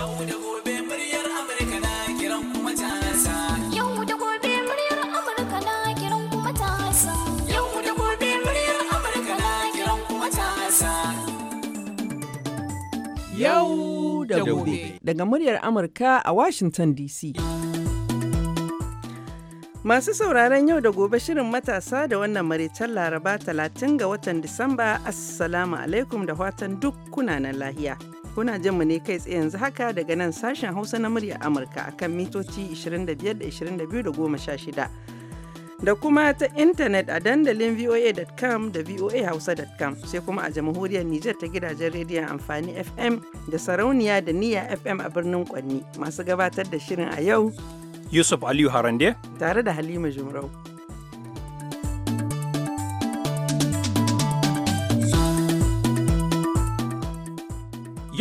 Yau da gobe muryar Amurka na kiran Yau da gobe muryar Amurka na kiran Yau da gobe muryar Amurka na kiran Yau da gobe. Daga muryar Amurka a Washington DC. Masu sauraron yau da gobe shirin matasa da wannan maraitar laraba 30 ga watan Disamba, Assalamu alaikum da watan duk kunanan lahiya. Kuna jin mu ne kai tsaye yanzu haka daga nan sashen Hausa na murya Amurka akan mitoci 25 da 22 da 16. da kuma ta intanet a dandalin voa.com da voahausa.com sai kuma a jamhuriyar Nijar ta gidajen rediyon amfani FM da sarauniya da niyya FM a birnin Kwanni masu gabatar da shirin a yau. Yusuf Aliyu Harande. Tare da Halima Jumrau.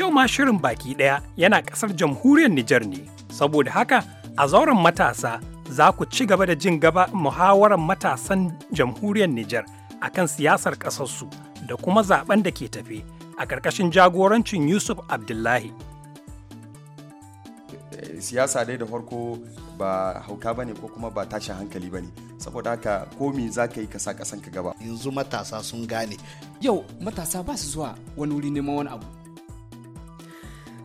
yau ma shirin baki ɗaya yana ƙasar jamhuriyar Nijar ne, saboda haka a zauren matasa za ku ci gaba da jin gaba muhawarar matasan jamhuriyar Nijar akan siyasar ƙasarsu da kuma zaben da ke tafe a ƙarƙashin jagorancin Yusuf Abdullahi. Siyasa dai da farko ba hauka bane ko kuma ba tashin hankali bane saboda haka komi za ka yi ka sa kasan ka gaba yanzu matasa sun gane yau matasa ba su zuwa wani wuri neman wani abu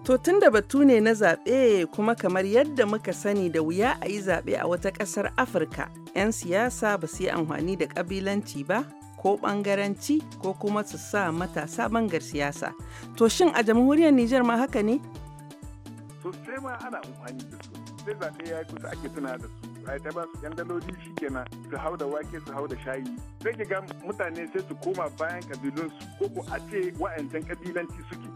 To tun da batu ne na zaɓe kuma kamar yadda muka sani da wuya a yi zaɓe a wata ƙasar Afirka, 'yan siyasa ba su yi amfani da ƙabilanci ba, ko ɓangaranci ko kuma su sa matasa bangar siyasa. To shin a jamhuriyar Nijar ma haka ne? Sosai ma ana amfani da su, sai zaɓe ya yi kusa ake tuna da su. ai ta ba su yan daloli shi kenan su hau da wake su hau da shayi sai ki ga mutane sai su koma bayan ƙabilunsu, su ko ko a ce wa'ancan ƙabilanci suke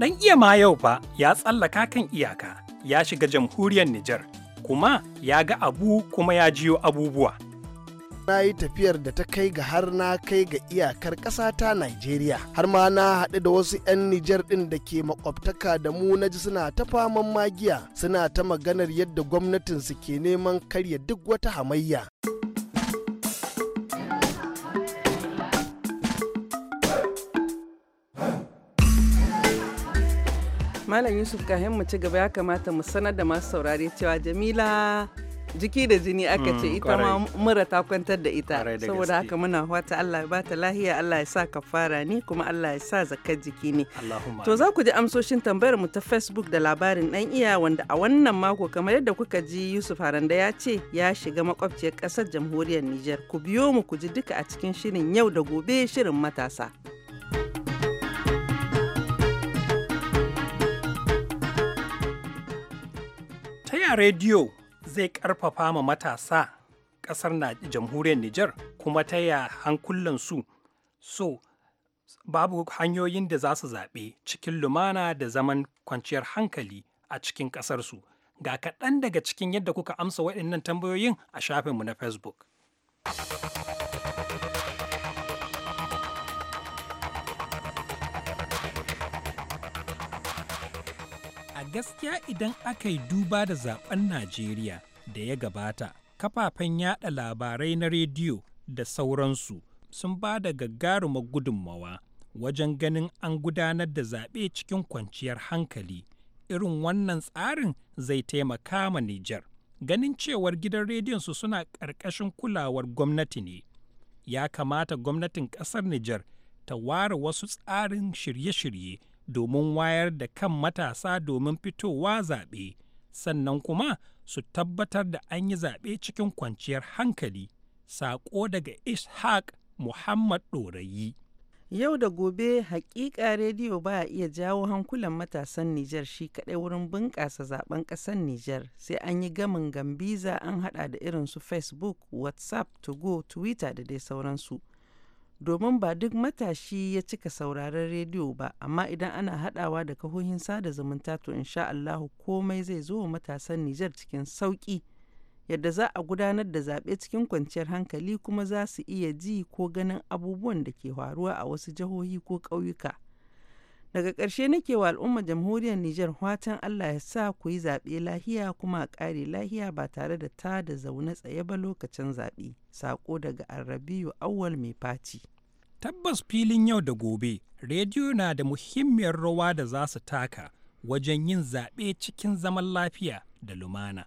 Ɗan iya ma yau fa ya tsallaka kan iyaka, ya shiga jamhuriyar Nijar, kuma ya ga abu kuma ya jiyo abubuwa. na yi tafiyar da ta kai ga har na kai ga iyakar ƙasa ta Najeriya. Har ma na haɗu da wasu 'yan Nijar ɗin da ke makwabtaka da mu na ji suna ta faman magiya, suna ta maganar yadda gwamnatinsu ke neman karya duk wata hamayya. Malam Yusuf kahin mu ci gaba ya kamata mu sanar da masu saurare cewa Jamila jiki da jini aka ce mm, ita ma mura ta kwantar da ita saboda haka muna wata Allah ya bata lahiya Allah ya sa kafara ni kuma Allah ya sa zakar jiki ne to za ku ji amsoshin tambayar mu ta Facebook da labarin dan iya wanda a wannan mako kamar yadda kuka ji Yusuf Haranda ya ce ya shiga makwabciyar kasar jamhuriyar Niger ku biyo mu ku ji duka a cikin shirin yau da gobe shirin matasa rediyo zai karfafa ma matasa ƙasar na jamhuriyar Nijar kuma ta ya hankulansu so babu hanyoyin da za su zaɓe cikin lumana da zaman kwanciyar hankali a cikin ƙasarsu ga kaɗan daga cikin yadda kuka amsa waɗannan tambayoyin a shafinmu na facebook gaskiya idan aka yi duba da zaben najeriya da ya gabata kafafen yada labarai na rediyo da sauransu sun ba da gagaruma gudunmawa wajen ganin an gudanar da zaɓe cikin kwanciyar hankali irin wannan tsarin zai taimaka ma Nijar. Ganin cewar gidan rediyonsu suna ƙarƙashin kulawar gwamnati ne, ya kamata gwamnatin ƙasar Nijar ta ware wasu tsarin shirye-shirye domin wayar da kan matasa domin fitowa zaɓe sannan kuma su tabbatar da an yi zaɓe cikin kwanciyar hankali saƙo daga ishaq muhammad ɗorayi yau da gobe hakika rediyo ba a iya jawo hankulan matasan Nijar shi kaɗai wurin bunƙasa zaben ƙasar Nijar sai an yi gamin gambiza an haɗa da irin su Facebook, WhatsApp, to go Twitter da dai sauransu. domin ba duk matashi ya cika sauraron rediyo ba amma idan ana hadawa da kahohin sada zumunta to insha Allahu komai zai zo wa matasan Nijar cikin sauki yadda za a gudanar da zaɓe cikin kwanciyar hankali kuma za su iya ji ko ganin abubuwan da ke faruwa a wasu jihohi ko ƙauyuka. Daga ƙarshe nake wa al'umma jamhuriyar Nijar watan Allah ya sa ku yi zaɓe lahiya kuma a ƙare lahiya ba tare da ta da zaune tsaye ba lokacin zaɓe. Sako daga Arrabiyu Awwal mai faci. Tabbas filin yau da gobe, rediyo na da muhimmiyar rawa da za su taka wajen yin zaɓe cikin zaman lafiya da lumana,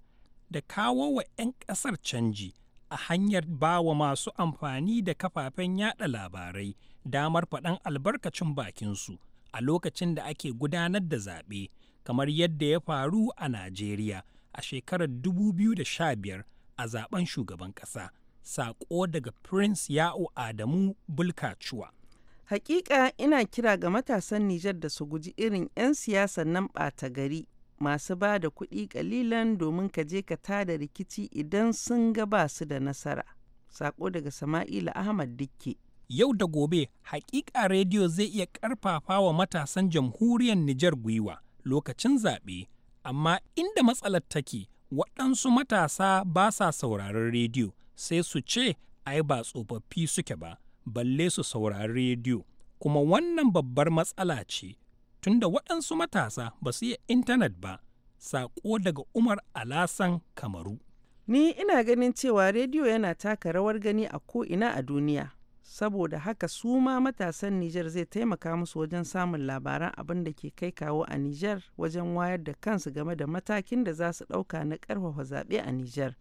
da kawo wa 'yan ƙasar canji a hanyar bawa masu amfani da kafafen yada labarai damar faɗan albarkacin bakinsu. a lokacin da ake gudanar da zaɓe kamar yadda ya faru a Najeriya a shekarar 2015 a zaben shugaban ƙasa. Saƙo daga Prince Ya'u Adamu Bulkacuwa. Hakika ina kira ga matasan Nijar da su guji irin 'yan siyasar nan ɓata gari masu ba da kuɗi ƙalilan domin ka je ka tada rikici idan sun ga ba su da nasara. saƙo daga Sama'ila Ahmad Dikke. yau da gobe hakika rediyo zai iya karfafa wa matasan jamhuriyar Nijar gwiwa lokacin zaɓe, amma inda matsalar take waɗansu matasa ba sa sauraron rediyo sai su ce ai ba tsofaffi suke ba, balle su saurari rediyo, kuma wannan babbar matsala ce tunda waɗansu matasa ba su iya intanet ba, saƙo daga Umar Alasan Kamaru. Ni ina ganin cewa rediyo yana taka rawar gani a ko'ina a duniya. saboda haka su ma matasan Nijar zai taimaka musu wajen samun labaran abin da ke kai kawo a Nijar wajen wayar da kansu game da matakin da za su ɗauka na ƙarfafa zaɓe a Nijar.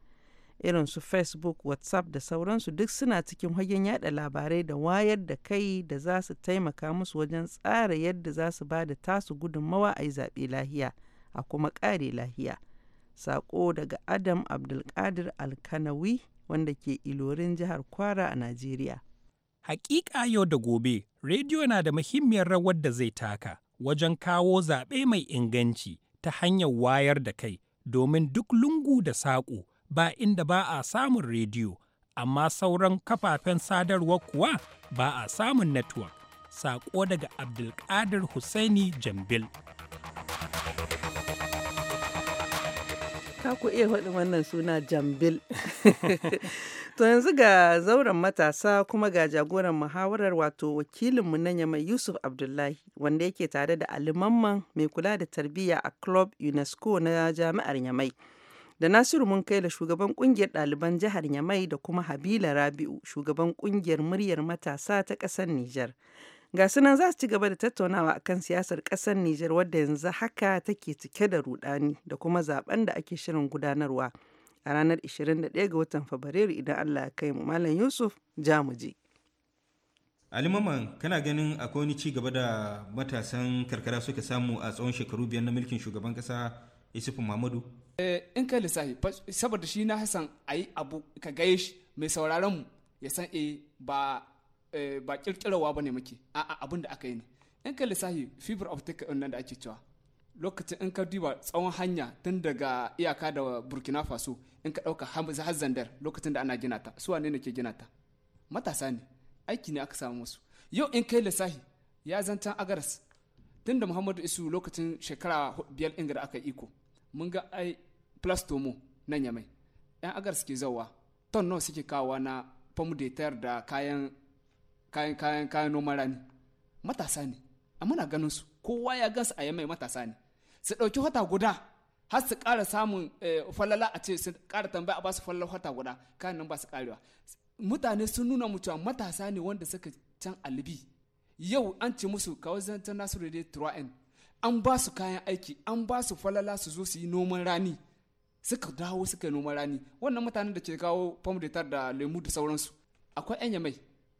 Irin su Facebook, WhatsApp da sauransu duk suna cikin hagen yada labarai da wayar da kai da za su taimaka musu wajen tsara yadda za su ba da tasu gudunmawa a yi zaɓe lahiya a kuma ƙare lahiya. Sako daga Adam Abdulkadir Alkanawi wanda ke Ilorin jihar Kwara a Najeriya. Hakika yau da gobe, rediyo na da muhimmiyar rawar da zai taka wajen kawo zaɓe mai inganci ta hanyar wayar da kai domin duk lungu da saƙo ba inda ba a samun rediyo, amma sauran kafafen sadarwa kuwa ba a samun network. Saƙo daga Abdulkadir Hussaini Jambil. Ka ku iya faɗin wannan suna Jambil. to yanzu ga zauren matasa kuma ga jagoran muhawarar wato wakilinmu na Yamai Yusuf Abdullahi wanda yake tare da alimamman mai kula da tarbiyya a Club UNESCO na Jami'ar Yamai. da Nasiru mun kai da shugaban kungiyar ɗaliban jihar Yamai da kuma Habila Rabi'u shugaban kungiyar muryar matasa ta ƙasar Nijar. Ga su nan za su ci gaba da tattaunawa kan siyasar ƙasar Nijar wadda yanzu haka take cike da rudani da kuma zaben da ake shirin gudanarwa a ranar 21 ga watan Fabrairu idan Allah ya kai mu Malam Yusuf Jamuje. Ali Maman kana ganin akwai wani ci gaba da matasan karkara suka samu a tsawon shekaru biyar na mulkin shugaban kasa Isufu Muhammadu? Eh, in ka lissafi saboda shi na Hassan ayi abu ka gaye mai sauraron mu ya san eh ba Eh, ba kirkirawa ba ne muke a'a abin da aka yi ne in ka lissafi fiber optic nan da ake cewa lokacin in ka duba tsawon hanya tun daga iyaka da burkina faso in ka ɗauka har zandar lokacin da ana gina ta su wane ne ke gina ta matasa ne aiki ne aka samu musu yau in kai lissafi ya zantan agaras tun da muhammadu isu lokacin shekara biyar inga da aka iko mun ga ai plastomo nan yamai yan agaras ke zauwa ton nawa suke kawo na pomme da kayan kayan kayan kayan noman rani matasa ne a muna ganin su kowa ya gan su a yamai matasa ne su ɗauki wata guda har su ƙara samun eh, falala a ce su ƙara tambaya a ba su falala wata guda kayan nan ba su ƙarewa mutane sun nuna mu cewa matasa ne wanda suka can alibi yau an ce musu kawai zancen nasu an ba su kayan aiki an ba su falala su zo su yi noman rani suka dawo suka yi noman rani wannan mutanen da ke kawo fam da lemu da sauransu akwai yan yamai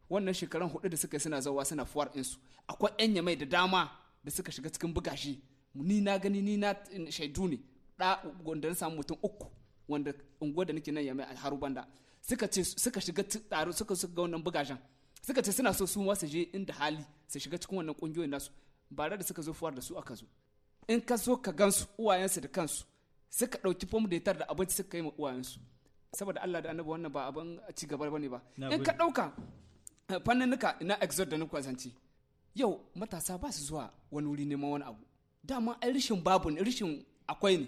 wannan shekaran hudu da suka suna zawa suna fuwar insu akwai yan yamai da dama da suka shiga cikin bugashi ni na gani ni na shaidu ne da wanda na samu mutum uku wanda unguwa da nake nan yamai a harubanda suka ce suka shiga taro suka suka ga wannan bugashen suka ce suna so su ma su je inda hali su shiga cikin wannan kungiyoyin nasu ba da suka zo fuwar da su aka zo in ka so ka gansu uwayensu da kansu suka ɗauki fom da da abinci suka kai ma uwayensu saboda Allah da annabi wannan ba abin ci gaba bane ba in ka ɗauka Eh, Fannin Nuka na exod da nuka zance yau matasa ba su zuwa wani wuri neman wani abu dama ai rishin babu ne rishin akwai ne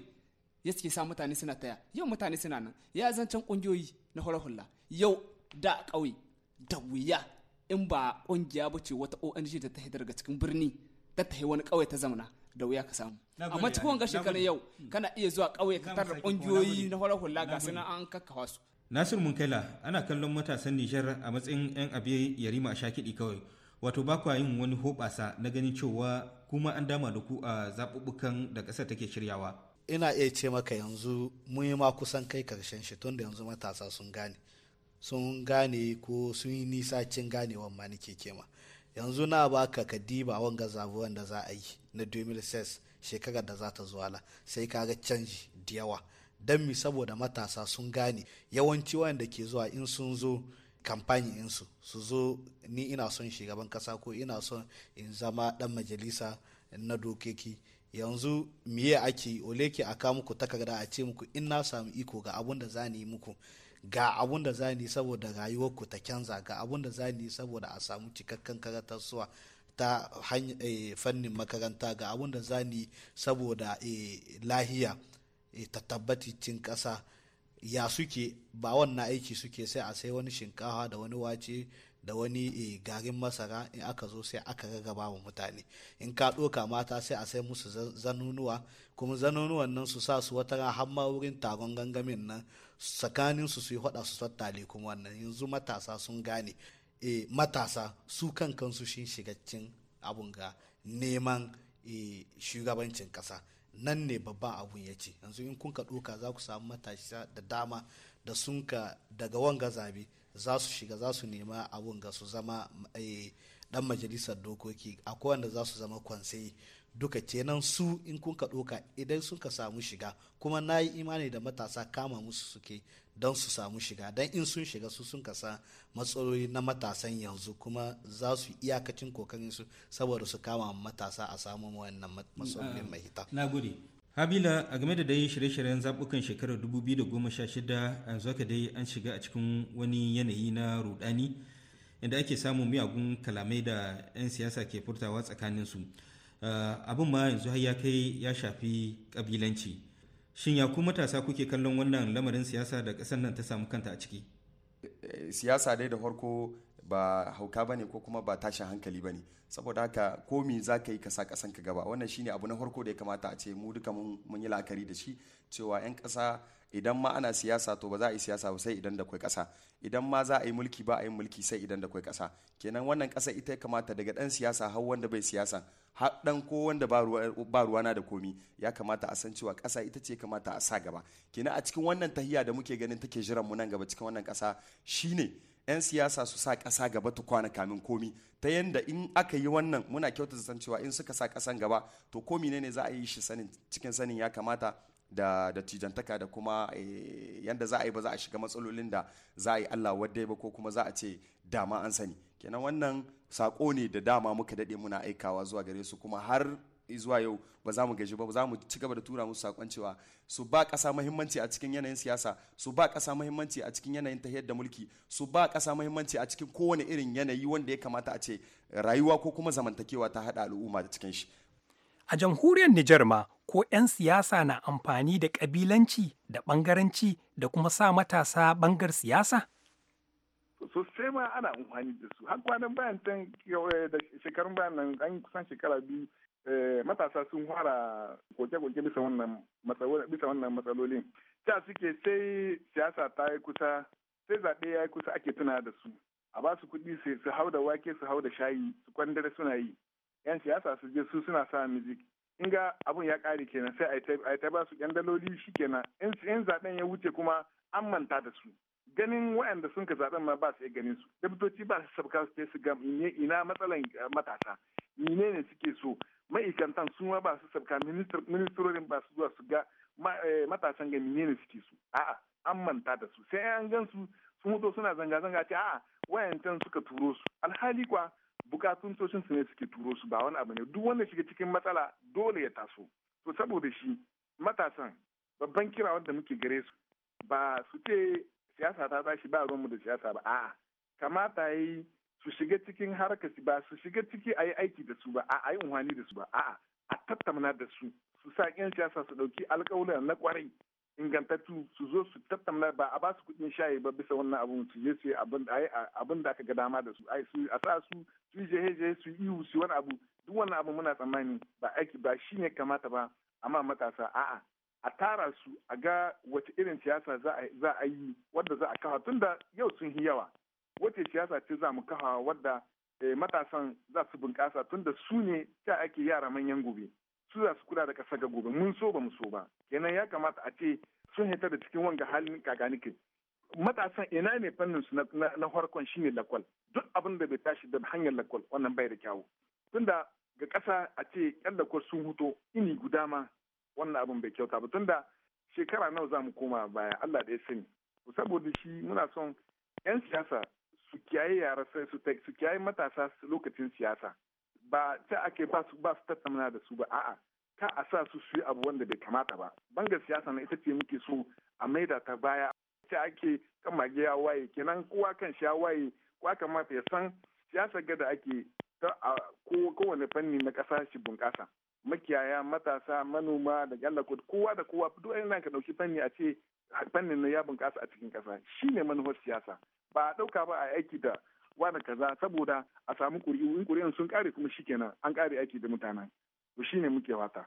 ya suke sa mutane suna taya yau mutane suna nan ya zancen kungiyoyi na hula yau da ƙauye da wuya in ba kungiya ba ce wata ONG da ta daga cikin birni ta wani ƙauye ta zamana da wuya ka samu amma cikin wanga shekarun yau hmm. kana iya zuwa ƙauye ka tarar kungiyoyi na hula ga suna an kakkawa su Nasir Munkaila ana kallon matasan Nijar a matsayin 'yan abe yarima a shakiɗi kawai. Wato ba kwa yin wani hoɓasa na ganin cewa kuma an dama da ku a zaɓuɓɓukan da ƙasa take shiryawa. Ina iya ce maka yanzu mun yi ma kusan kai karshen shi tun da yanzu matasa sun gane. Sun gane ko sun yi nisa cin ganewan ma nake kema. Yanzu na baka ka diba wanga zabuwan da za a yi na 2006 shekarar da za ta zuwa sai ka ga canji da yawa. don mi saboda matasa sun gane yawanci wanda ke zuwa in sun zo kamfani insu su zo ni ina son shugaban kasa ko ina son in zama dan majalisa na dokeki yanzu miye ake oleke a ka muku takarda a ce muku in na samu iko ga abun da za muku ga abun da za ni saboda rayuwarku ta canza ga abun da za saboda a samu cikakken karatarsuwa ta eh, fannin makaranta ga abun da za saboda eh, lahiya Eh, ta tabbati cin ƙasa ya suke ba wannan aiki suke sai a sai wani shinkawa da wani wace da wani eh, garin masara in aka zo sai aka ragaba wa mutane in ka ɗoka mata sai a sai musu zanunuwa kuma zanunuwan nan su sa su wata ran har wurin taron gangamin nan tsakanin su su yi hada su tattale kuma wannan yanzu matasa sun gane e, matasa su kan kansu shin shigaccin abun ga neman shugabancin ƙasa nan ne babban abun ya ce yanzu in kun ka ɗoka za ku samu matasa da dama da sun ka daga wanga zabe za su shiga za su nema abun ga su zama dan eh, majalisar dokoki akwai wanda za su zama kwansai duka kenan su in kun ka ɗoka idan sun ka samu shiga kuma na yi imani da matasa kama musu suke don su samu shiga don in sun shiga su sun kasa matsaloli na matasan yanzu kuma za su iyakacin kokarin su saboda su kama matasa a samu wannan matsalolin mm, ah, mahita na gode habila a game da dai shirye-shiryen zaɓukan shekarar 2016 yanzu haka dai an shiga a cikin wani yanayi na rudani inda ake samun miyagun kalamai da 'yan siyasa ke furtawa tsakaninsu su Eh, abin ma yanzu har ya kai ya shafi kabilanci shin ya ku matasa kuke kallon wannan lamarin siyasa da ƙasar nan ta samu kanta a ciki eh, siyasa dai da farko ba hauka bane ko kuma ba tashin hankali bane saboda haka komi za ka yi kasa sa kasan ka gaba wannan shine abu na farko da ya kamata a ce mu duka mun yi la'akari da shi cewa 'yan kasa idan ma ana siyasa to ba za a yi siyasa ba sai idan da kwai ƙasa idan ma za a yi mulki ba a yi mulki sai idan da kwai ƙasa kenan wannan kasa ita ya kamata daga dan siyasa har wanda bai siyasa har dan ko wanda ba na da komi ya kamata a san cewa kasa ita ce kamata a sa gaba kenan a cikin wannan tahiya da muke ganin take jiran mu nan gaba cikin wannan ƙasa shine 'yan siyasa su sa ƙasa gaba ta kwana kamin komi ta yadda in aka yi wannan muna kyauta san cewa in suka sa ƙasan gaba to komi ne ne za a yi shi sanin cikin sanin ya kamata da da tijantaka da kuma eh, yanda za a yi ba za a shiga matsalolin da za a yi Allah wadda ba ko kuma za a ce dama an sani kenan wannan sako ne da dama muka dade muna aikawa zuwa gare su kuma har zuwa yau ba za mu gaji ba za mu ci gaba da tura musu sakon cewa su ba ƙasa muhimmanci a cikin yanayin siyasa su ba ƙasa muhimmanci a cikin yanayin tahiyar da mulki su ba ƙasa muhimmanci a cikin kowane irin yanayi wanda ya kamata a ce rayuwa ko kuma zamantakewa ta haɗa al'umma da cikin shi a jamhuriyar Nijar ma ko 'yan siyasa na amfani da ƙabilanci da ɓangaranci da kuma sa matasa ɓangar siyasa? sosai ma ana amfani da su har kwanan bayan can eh, da shekarun bayan nan an kusan shekara biyu Eh, matasa sun fara koke-koke bisa wannan matsalolin ta suke sai siyasa ta yi kusa sai zaɓe ya yi kusa ake tuna da su a ba su kuɗi su hau da wake su hau da shayi su kwandare suna yi yan siyasa su je su suna sa music in ga abun ya ƙare kenan sai a yi ta ba su yan daloli shi kenan in zaɓen ya wuce kuma an manta da su ganin waɗanda sun ka zaɓen ma ba su iya ganin su dabitoci ba su sabka su su ga ina matsalan eh, matasa ne suke so ma'aikantan sun ba su sabka ministerorin ba su zuwa su ga eh, matasan ga menene suke su a'a an manta da su sai an gan su sun mutu suna zanga-zanga ce a'a wayancan suka turo su alhali kwa bukatun tocin su ne suke turo su ba wani abu ne duk wanda shiga cikin matsala dole ya taso to saboda shi matasan babban kira wanda muke gare su ba su ce siyasa ta tashi ba ruwanmu da siyasa ba a'a kamata ya yi su shiga cikin harkar ba su shiga ciki a yi aiki da su ba a yi unhani da su ba a'a a tattauna da su su sa yan siyasa su ɗauki alƙawura na kwarai ingantattu su zo su tattauna ba a ba su kuɗin shayi ba bisa wannan abun su je su abin da aka ga dama da su a su a sa su su je je su yi su wani abu duk wannan abu muna tsammani ba aiki ba shine kamata ba amma matasa a'a a tara su a ga wace irin siyasa za a yi wadda za a kawo tunda yau sun yi yawa wacce siyasa ce za mu kafa wadda eh, matasan za su bunƙasa tun da su ne ta ake yara manyan gobe su za su kula da ƙasa ga gobe mun so ba mu so ba kenan ya kamata a ce sun hita da cikin wanga halin kaganikin matasan ina ne fannin su na harkon shine lakwal duk abin da bai tashi da hanyar lakwal wannan bai da kyawu tunda ga ƙasa a ce yan lakwal sun huto ini guda ma wannan abin bai kyauta ba tunda shekara nawa za mu koma baya Allah da ya sani saboda shi muna son yan siyasa su kiyaye yara sai su su kiyaye matasa lokacin siyasa ba ta ake ba su ba su tattauna da su ba a'a ta a sa su su yi abu wanda bai kamata ba bangar siyasa na ita ce muke so a maida ta baya ta ake kan mage ya waye kenan kowa kan sha waye kowa kamata ya san siyasa gada ake ta a kowane fanni na ƙasa shi bunƙasa makiyaya matasa manoma da gallakot kowa da kowa duk ɗan ka dauki fanni a ce fannin na ya bunƙasa a cikin ƙasa shine manufar siyasa ba a ɗauka ba a aiki da wani kaza saboda a samu ƙuri'u in ƙuri'un sun kare kuma kenan an kare aiki da mutanen to ne muke wata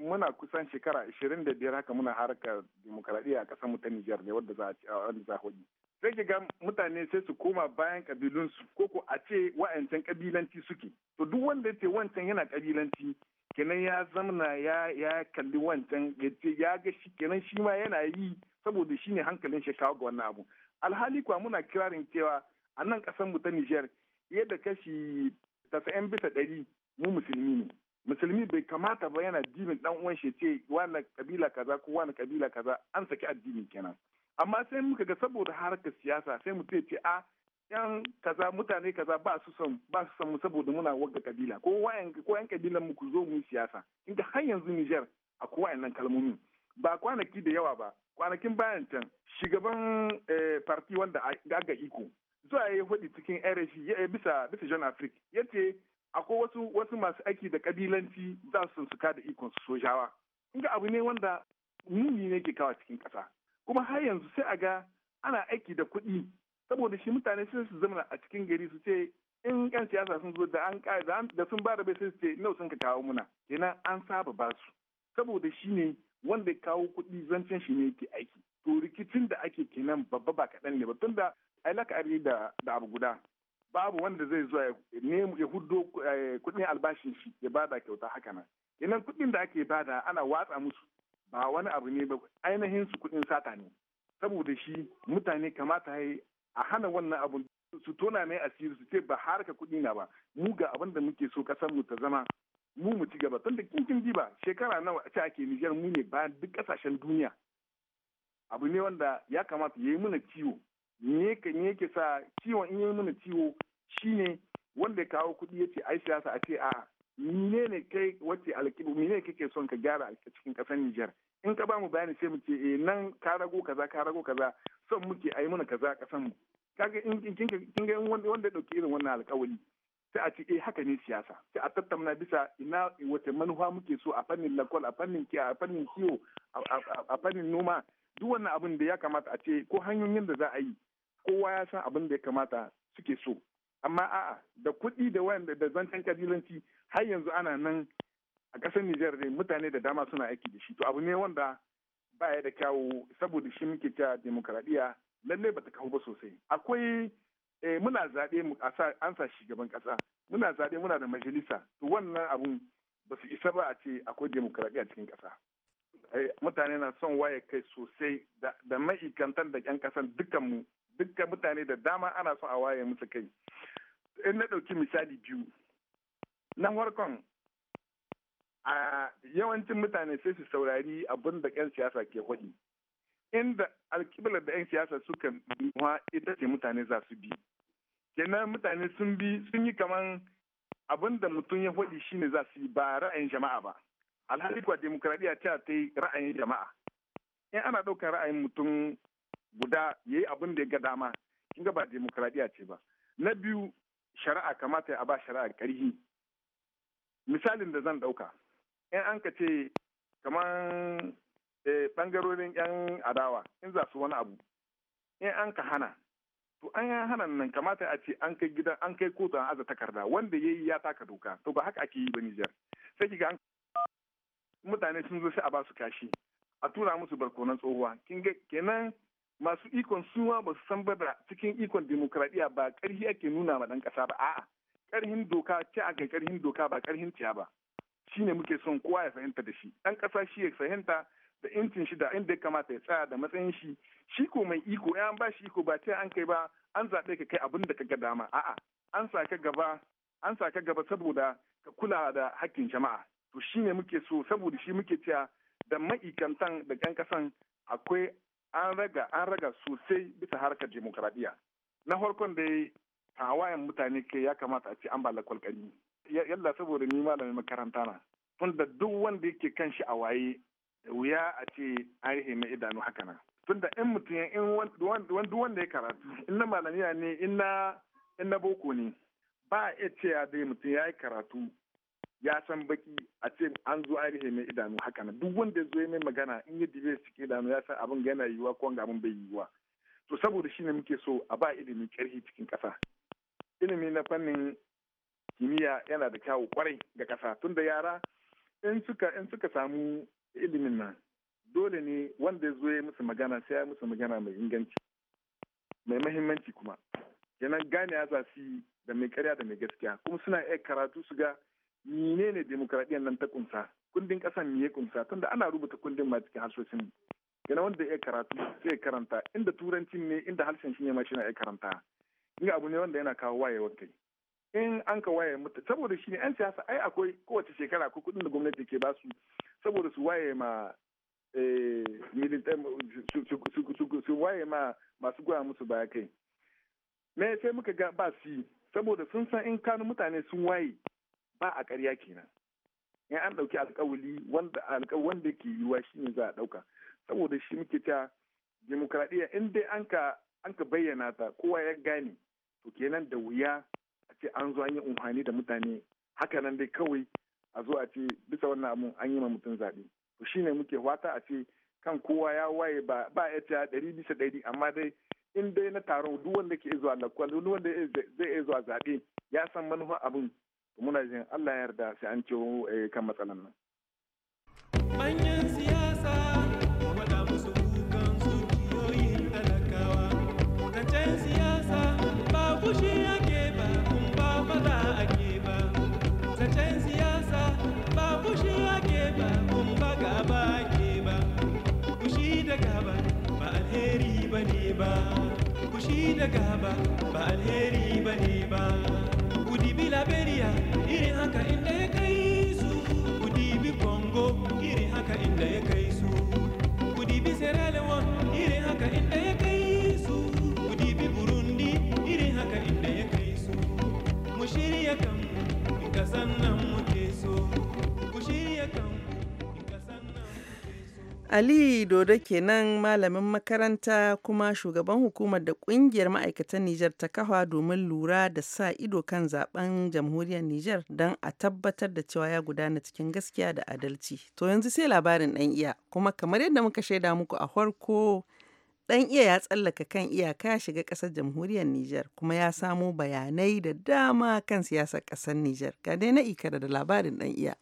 muna kusan shekara ashirin da biyar haka muna harkar demokaradiyya a ƙasar mutane biyar Nijar ne wadda za a za sai ga mutane sai su koma bayan kabilunsu ko ko a ce wa'ancan kabilanci suke to duk wanda ya ce wancan yana kabilanci kenan ya zamna ya ya kalli wancan ya ce ya ga shi kenan shi ma yana yi saboda shi ne hankalin shi ga wannan abu alhali kuwa muna kirarin cewa a nan ƙasar mu ta Nijar yadda kashi 90% bisa ɗari mu musulmi ne musulmi bai kamata ba yana dinin dan uwan shi ce wani kabila kaza ko wani kabila kaza an saki addini kenan amma sai muka ga saboda harkar siyasa sai mu ce a ah, yan kaza mutane kaza ba su son ba su son mu saboda muna wagga kabila ko wayan ko yan kabilan mu ku zo mu siyasa inda har yanzu Niger akwai wayannan kalmomi ba kwanaki da yawa ba kwanakin bayan can shugaban farti eh, wanda gaga iko zuwa ya yi cikin rfi ya eh, bisa bisa john afrik ya ce akwai wasu wasu masu aiki da kabilanci za su suka da ikon su sojawa ga abu ne wanda muni ne ke kawa cikin kasa kuma har yanzu sai a ga ana aiki da kuɗi saboda shi mutane sai su zama a cikin gari su ce in yan siyasa sun zo da an da sun ba da bai sai su ce nawa sun ka kawo muna kenan an saba ba su saboda shi ne wanda ya kawo kuɗi zancen shi ne yake aiki to rikicin da ake kenan babba ba kaɗan ne ba tunda ai la'akari da da abu guda babu wanda zai zo ya huddo eh, kuɗin albashin shi ya bada kyauta haka nan kenan kuɗin da ake bada ana watsa musu ba wani abu ne ba ainihin su kuɗin sata ne saboda shi mutane kamata ya a hana wannan abun su tona mai asiri su ce ba harka kuɗi na ba mu ga abin da muke so kasar mu ta zama mu mu ci gaba tunda kinkin diba shekara nawa a ce ake Nijar mu ne bayan duk kasashen duniya abu ne wanda ya kamata yayi yi mana ciwo ne ka ne ke sa ciwon in ya mana ciwo shine wanda ya kawo kuɗi yace ce ai siyasa a ce a mine ne kai wacce alƙibu mine kake son ka gyara a cikin ƙasar Nijar in ka ba mu bayani sai mu ce eh nan ka rago kaza ka rago kaza son muke ai mana kaza ƙasar mu kaga in kin ga wanda wanda dauki irin wannan alƙawari sai a ce eh haka ne siyasa sai a tattauna bisa ina wace manufa muke so a fannin lakwal a fannin kiya a fannin kiwo a fannin noma duk wannan abin da ya kamata a ce ko hanyoyin da za a yi kowa ya san abin da ya kamata suke so amma a'a da kuɗi da wanda da zancen kabilanci har yanzu ana nan a ƙasar Nijar ne mutane da dama suna aiki da shi to abu ne wanda baya da kyawu saboda shi muke cewa demokradiya lallai bata kawo ba sosai akwai eh muna zaɓe mu an sa shugaban ƙasa muna zaɓe muna da majalisa to wannan abun ba su isa ba a ce akwai demokradiyya cikin ƙasa eh, mutane na son waye kai sosai da ma'aikantan da ƴan ƙasan dukkanmu dukkan mutane da dama ana son a waye musu kai in na ɗauki misali biyu na farkon a yawancin mutane sai su saurari abin da 'yan siyasa ke hudi inda alkiblar da 'yan siyasa suka nuwa ita ce mutane za su bi kenan mutane sun bi sun yi kaman abin da mutum ya faɗi shine za su yi ba ra'ayin jama'a ba alhali kuwa demokradiyya ta ta yi ra'ayin jama'a in ana ɗaukar ra'ayin mutum guda ya yi abin da ya ga dama kinga ba demokradiyya ce ba na biyu shari'a kamata a ba shari'a ƙarfi misalin da zan ɗauka in an ka ce kaman bangarorin eh, 'yan adawa in za su wani abu in an ka hana to an yi hanan nan kamata a ce an kai gidan an kai kotu an aza takarda wanda yayi ya taka doka to ba haka ake yi ba Nijar sai kiga mutane sun zo sai a basu kashi a tura musu barkonan tsohuwa kin ga kenan masu ikon suwa ba su san ba da cikin ikon demokradiya ba karhi ake nuna ma dan kasa ba a'a karhin doka ce a kai karhin doka ba karhin ciya ba shine muke son kowa ya fahimta da shi dan kasa shi ya fahimta da incin shi da inda ya kamata ya tsaya da matsayin shi shi ko mai iko ya an ba shi iko ba sai an kai ba an zaɓe ka kai abin da ka ga dama a'a an sa ka gaba an sa ka gaba saboda ka kula da hakkin jama'a to shi ne muke so saboda shi muke cewa da ma'ikantan da ƴan kasan akwai an raga an raga sosai bisa harkar demokradiyya na farkon da ya tawayen mutane kai ya kamata a ce an bala kwalƙani yalla saboda ni malamin makaranta na tunda duk wanda yake kan shi a waye wuya a ce ainihi mai idanu haka nan tunda in mutum in wanda wanda ya karatu in na malamiya ne in na boko ne ba a iya ce dai mutum ya yi karatu ya san baki a ce an zo ainihi mai idanu haka nan duk wanda ya zo ya mai magana in yi dibe cikin idanu ya san abin yana yiwuwa ko abin bai yiwuwa to saboda shine muke so a ba ilimin karhi cikin kasa ilimi na fannin kimiyya yana da kyawu kwarai ga kasa tunda yara in suka in suka samu ilimin nan dole ne wanda ya zo ya musu magana sai ya musu magana mai inganci mai mahimmanci kuma kenan gane za su yi da mai karya da mai gaskiya kuma suna iya karatu su ga menene demokaradiyyar nan ta kunsa kundin kasan me ya kunsa tunda ana rubuta kundin ma cikin harsoshin gana wanda ya karatu sai karanta inda turancin ne inda harshen shi ne ma shi na iya karanta in abu ne wanda yana kawo wayewar kai in an ka waye mutu saboda shi ne 'yan siyasa ai akwai kowace shekara ko kudin da gwamnati ke basu saboda su waye ma eh, eh, su waye ma masu goya musu baya kai me sai muka ga ba su yi saboda sun san in kanu mutane sun waye ba a karya kenan in an ɗauki alkawali wanda wanda ke yiwa shi ne za a ɗauka saboda shi muke ta demokradiyya in dai an ka bayyana ta kowa ya gane to kenan da wuya a ce an zo an yi umhani da mutane haka nan dai kawai a zo a ce bisa wannan abun an yi ma mutum zaɓe to shine muke wata a ce kan kowa ya waye ba ba ya ce ɗari bisa ɗari amma dai in dai na taron duk wanda ke zuwa lakwal duk wanda zai iya zuwa zaɓe ya san manufa abin muna jin Allah ya yarda sai an ciwo eh, kan matsalan nan. ba ku shi gaba ba alheri ba ne ba ku dibi liberia irin haka inda ya kai su ku dibi congo irin haka inda ya kai su ku dibi sierra leone irin haka inda ya kai su burundi irin haka inda ya kai su mu shirya kan kasan nan muke so Ali Dodo kenan malamin makaranta kuma shugaban hukumar da kungiyar ma'aikatan Nijar ta kafa domin lura da sa ido kan zaben jamhuriyar Nijar don a tabbatar da cewa ya gudana cikin gaskiya da adalci. To yanzu sai labarin ɗan iya kuma kamar yadda muka shaida muku a farko ɗan iya ya tsallaka kan iyaka ya shiga ƙasar jamhuriyar Nijar kuma ya samo bayanai da dama kan siyasar ƙasar Nijar. Ga dai na ikara da labarin ɗan iya.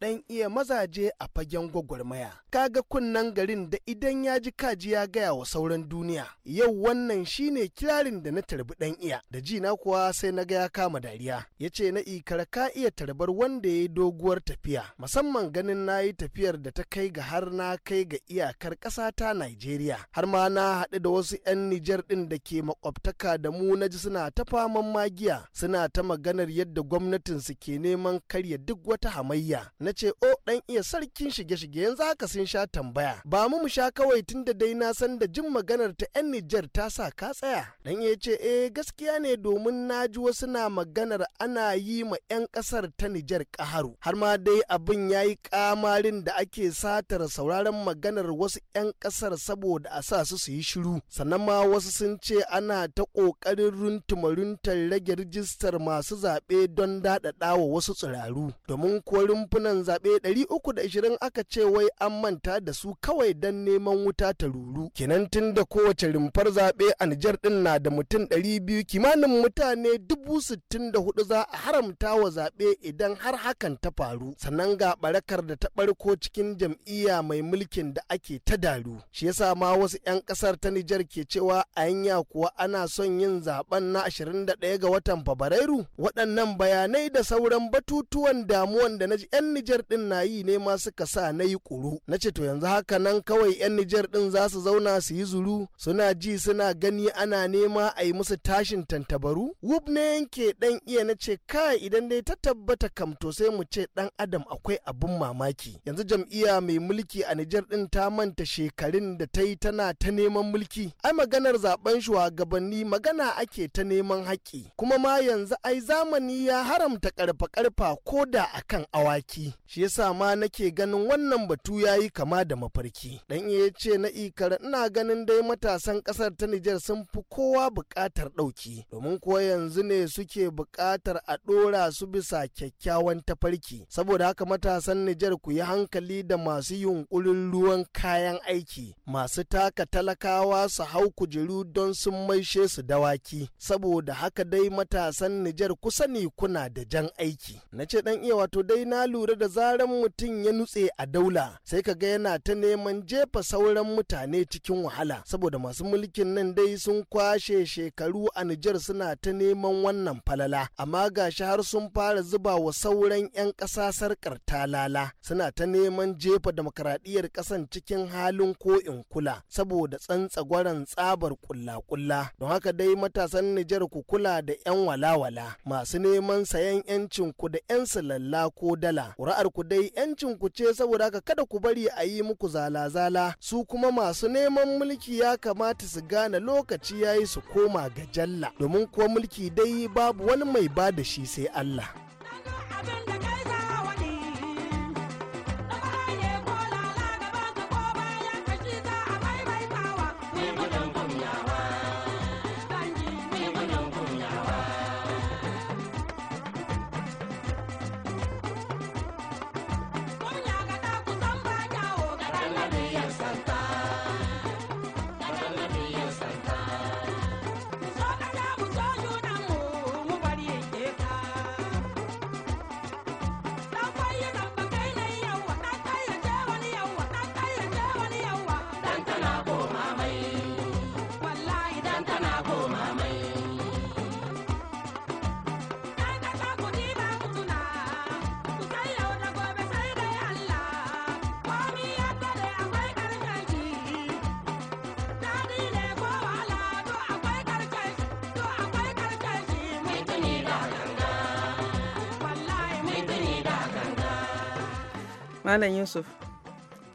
ɗan iya mazaje a fagen gwagwarmaya. Kaga kunnan garin da idan ya ji kaji ya gaya wa sauran duniya. Yau wannan shine kirarin da na tarbi ɗan iya. Da ji na kuwa sai na ga ya kama dariya. Ya ce na ikar ka iya tarbar wanda ya yi doguwar tafiya. Musamman ganin na yi tafiyar da ta kai ga har na kai ga iyakar ƙasa ta Najeriya. Har ma na haɗu da wasu 'yan Nijar ɗin da ke makwabtaka da mu na ji suna ta faman magiya. Suna ta maganar yadda gwamnatinsu ke neman karya duk wata hamayya. na ce o oh, dan iya sarkin shige-shige yanzu haka sun sha tambaya ba mu mu sha kawai tun da dai na san da jin maganar ta yan Nijar ta sa ka tsaya dan ya ce eh gaskiya ne domin na ji wasu na maganar ana yi ma yan kasar ta Nijar kaharu har ma dai abin yayi kamarin da ake satar sauraron maganar wasu yan kasar saboda a sa su su yi shiru sannan ma wasu sun ce ana ta kokarin runtuma runtar rage rijistar masu zaɓe don daɗaɗa wa wasu tsiraru domin kuwa rumfunan rumfunan zaɓe 320 aka ce wai an manta da su kawai don neman wuta ta ruru. Kinan tun da kowace rumfar zaɓe a Nijar ɗin na da mutum 200 kimanin mutane 64 za a haramta wa zaɓe idan har hakan ta faru. Sannan ga barakar da ta ɓarko cikin jam'iyya mai mulkin da ake ta daru. Shi ya sa ma wasu 'yan ƙasar ta Nijar ke cewa a yanya kuwa ana son yin zaɓen na 21 ga watan Fabrairu. Waɗannan bayanai da sauran batutuwan damuwan da na ji 'yan Nijar ɗin na yi ne ma suka sa na yi ƙuru. Na ce to yanzu haka nan kawai 'yan Nijar ɗin za su zauna su yi zuru suna ji suna gani ana nema a yi musu tashin tantabaru. Wub ne yanke ɗan iya na ce kai idan dai ta tabbata kam to sai mu ce ɗan adam akwai abin mamaki. Yanzu jam'iyya mai mulki a Nijar ɗin ta manta shekarun da ta yi tana ta neman mulki. Ai maganar zaben shugabanni magana ake ta neman haƙƙi. Kuma ma yanzu ai zamani ya haramta ƙarfa-ƙarfa ko da akan awaki. shi yasa ma nake ganin wannan batu ya yi kama da mafarki dan iya ce na ikar ina ganin dai matasan kasar ta Nijar sun fi kowa bukatar ɗauki domin ko yanzu ne suke buƙatar a ɗora su bisa kyakkyawan tafarki saboda haka matasan Nijar ku yi hankali da masu yunkurin ruwan kayan aiki masu taka talakawa su hau kujeru don sun maishe su dawaki saboda haka dai matasan Nijar ku sani kuna da jan aiki na ce dan iya wato dai na lura da da zaran mutum ya nutse a daula sai ka ga yana ta neman jefa sauran mutane cikin wahala saboda masu mulkin nan dai sun kwashe shekaru a Nijar suna ta neman wannan falala amma gashi har sun fara zuba wa sauran 'yan ƙasa sarƙar talala suna ta neman jefa demokradiyyar ƙasan cikin halin ko in kula saboda tsantsagwaran tsabar kulla-kulla don haka dai matasan Nijar ku kula da 'yan walawala masu neman sayan 'yancin ku da 'yan silalla ko dala jama'ar ku dai yancin ku ce saboda haka kada ku bari a yi muku zala-zala su kuma masu neman mulki ya kamata su gane lokaci ya yi su koma ga jalla domin kuwa mulki dai babu wani mai ba da shi sai Allah. Malam Yusuf,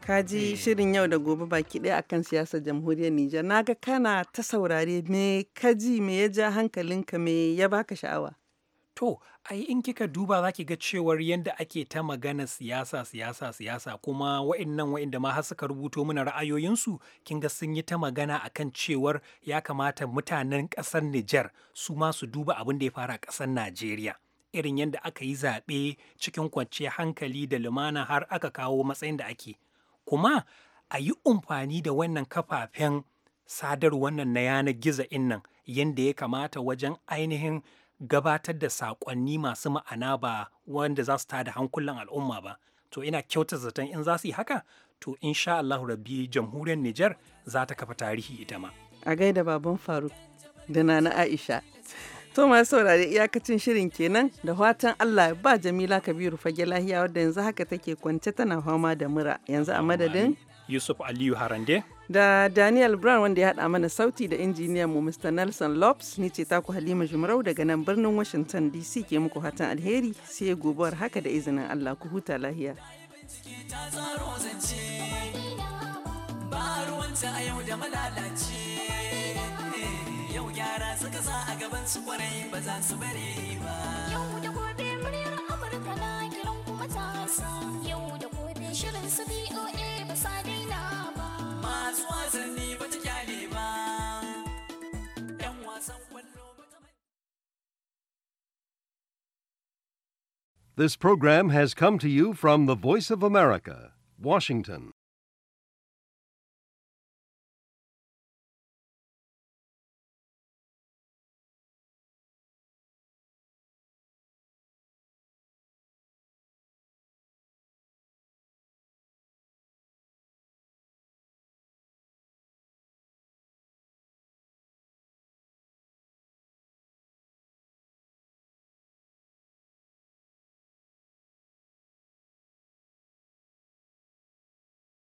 ka ji eh. shirin yau da gobe baki ɗaya akan siyasar jamhuriyar Nijar. Na ga kana ta saurare me ka ji me ya ja hankalinka me ya baka sha'awa. To, ai in kika duba za ki ga cewar yadda ake ta magana siyasa siyasa siyasa kuma wa'in wa'inda ma har suka rubuto mana ra'ayoyinsu kin ga sun yi ta magana akan cewar ya kamata mutanen ƙasar Nijar su ma su duba abin da ya fara ƙasar Najeriya. irin yadda aka yi zaɓe cikin kwanciyar hankali da lumana har aka kawo matsayin da ake kuma a yi umfani da wannan kafafen sadar wannan na yanar gizo in nan yadda ya kamata wajen ainihin gabatar da saƙonni masu ma'ana ba wanda za su tada hankulan al'umma ba to ina kyauta zaton in za su yi haka to insha Allahu rabbi jamhuriyar Nijar za ta kafa tarihi ita ma a gaida baban Faruk da na Aisha To saurari saurari iyakacin shirin kenan da fatan Allah ba Jamila Kabiru fage lahiya wadda yanzu haka take kwance tana fama da mura yanzu a madadin Yusuf Aliyu Harande da Daniel Brown wanda ya hada mana sauti da injiniyan mu Mr. Nelson Lopes ni ce ta ku Halima Jumrau daga nan birnin Washington DC ke muku hatan alheri sai gobuwar haka da izinin Allah ku huta lahiya. Ba ruwanta a da malalaci a gaban su kwarai ba za su bari ba yau da gobe muryar amurka na kiran kuma yau da gobe shirin su ba sa daina ba masu wasanni ba ta kyale ba yan wasan kwallo This program has come to you from the Voice of America, Washington.